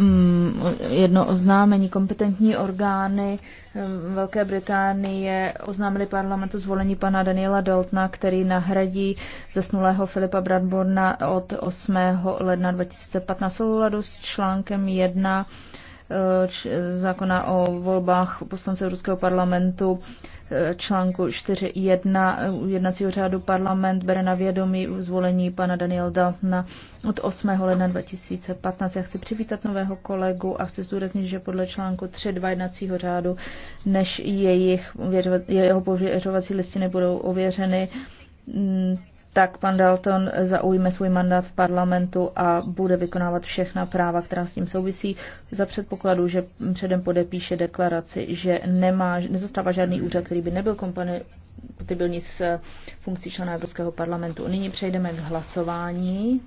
Mm, jedno oznámení. Kompetentní orgány mm, Velké Británie oznámili parlamentu zvolení pana Daniela Daltna, který nahradí zesnulého Filipa Bradborna od 8. ledna 2015 souladu s článkem 1 eh, zákona o volbách poslance Ruského parlamentu článku 4.1 jednacího řádu parlament bere na vědomí zvolení pana Daniel Daltna od 8. ledna 2015. Já chci přivítat nového kolegu a chci zdůraznit, že podle článku 3.2 jednacího řádu, než jejich, jeho pověřovací listiny budou ověřeny, tak pan Dalton zaujme svůj mandát v parlamentu a bude vykonávat všechna práva, která s tím souvisí, za předpokladu, že předem podepíše deklaraci, že nemá, nezastává žádný úřad, který by nebyl kompatibilní s funkcí člena Evropského parlamentu. Nyní přejdeme k hlasování.